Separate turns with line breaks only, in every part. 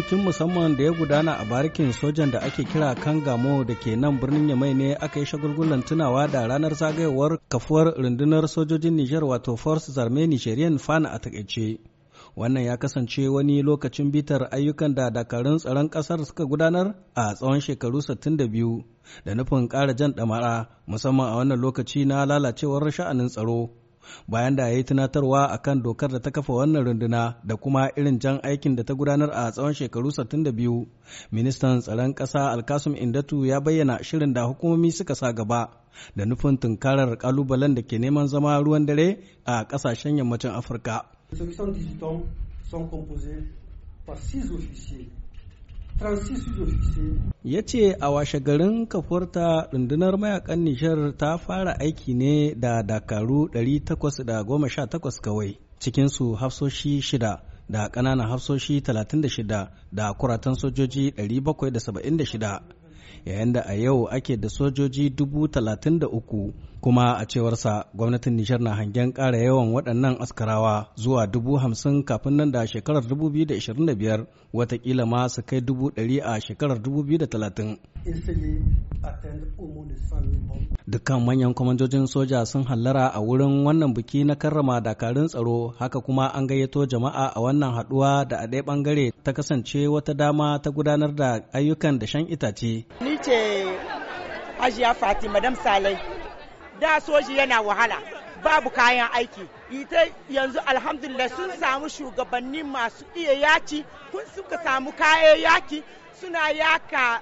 bikin musamman da ya gudana a barikin sojan da ake kira Kangamo da ke nan birnin Yamai ne aka yi shagulgulan tunawa da ranar zagayowar kafuwar rundunar sojojin Nijar wato Force Zarme Nigerian Fana a takaice. Wannan ya kasance wani lokacin bitar ayyukan da dakarun tsaron ƙasar suka gudanar a tsawon shekaru 62 da nufin kara jan ɗamara musamman a wannan lokaci na lalacewar sha'anin tsaro. bayan da ya yi tunatarwa kan dokar da ta kafa wannan runduna da kuma irin jan aikin da ta gudanar a tsawon shekaru 62 ministan tsaron ƙasa alkasum indatu ya bayyana shirin da hukumomi suka sa gaba da nufin tunkarar kalubalen da ke neman zama ruwan dare a kasashen yammacin afirka ya ce a washe garin Kafurta rundunar mayakan nishar ta fara aiki ne da dakaru 818 kawai cikinsu hafsoshi shida da ƙananan hafsoshi 36 da kuratan sojoji 776 yayin da a yau ake da sojoji 33 kuma a cewarsa gwamnatin Nijar na hangen ƙara yawan waɗannan askarawa zuwa dubu hamsin kafin nan da shekarar 2025 watakila ma su kai dubu ɗari a shekarar 2030. Dukkan manyan kwamandojin soja sun hallara a wurin wannan biki na karrama dakarun tsaro haka kuma an gayyato jama'a a wannan haɗuwa da a ɗaya ɓangare ta kasance wata dama ta gudanar da ayyukan da shan itace.
Ni Fatima Madam Salai. da soji yana wahala babu kayan aiki ita yanzu alhamdulillah sun samu shugabanni masu iya yaki kun suka samu kayan yaki suna yaka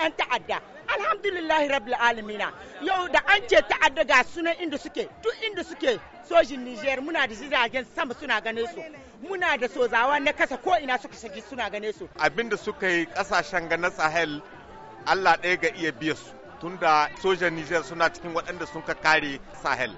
'yan ta'adda alhamdulillah rabbil alamina yau da an ce ta'adda ga sunan inda suke duk inda suke sojin niger muna da jiragen sama suna gane su muna da sozawa na kasa ko ina suka shigi suna gane su abinda suka yi kasashen ga na sahel allah ɗaya ga iya biya su tunda sojan Niger suna cikin waɗanda sun ka kare Sahel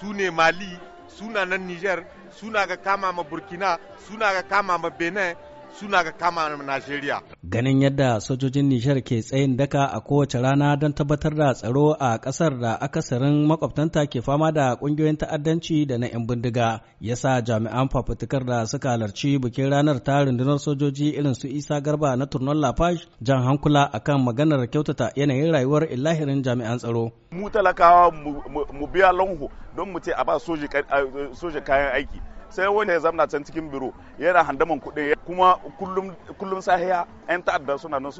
su ne Mali suna nan Nijar suna ga kama ma Burkina suna ga kama ma Benin suna ga kama Najeriya.
Ganin yadda sojojin Nishar ke tsayin daka a kowace rana don tabbatar da tsaro a ƙasar da akasarin makwabtanta ke fama da ƙungiyoyin ta'addanci da na 'yan bindiga, sa jami'an fafutukar da suka halarci bikin ranar ta rundunar sojoji irin su Isa Garba na Turnon Lafash jan hankula akan maganar kyautata yanayin rayuwar illahirin jami'an tsaro. Mu talakawa mu biya lanho don mu ce a ba soja
kayan aiki. sai wani ya zamna can cikin biro yana handaman kuɗi kuma kullum sahiya 'yan ta'adda suna nan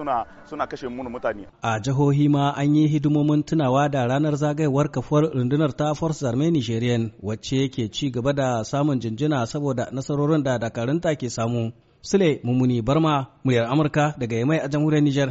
suna kashe mun mutane
a jihohi ma an yi hidimomin tunawa da ranar zagayewar kafuwar rundunar ta force army nigerian wacce ke ci gaba da samun jinjina saboda nasarorin da dakarunta ke samu sule mummuni barma muryar amurka daga yamai a jamhuriyar niger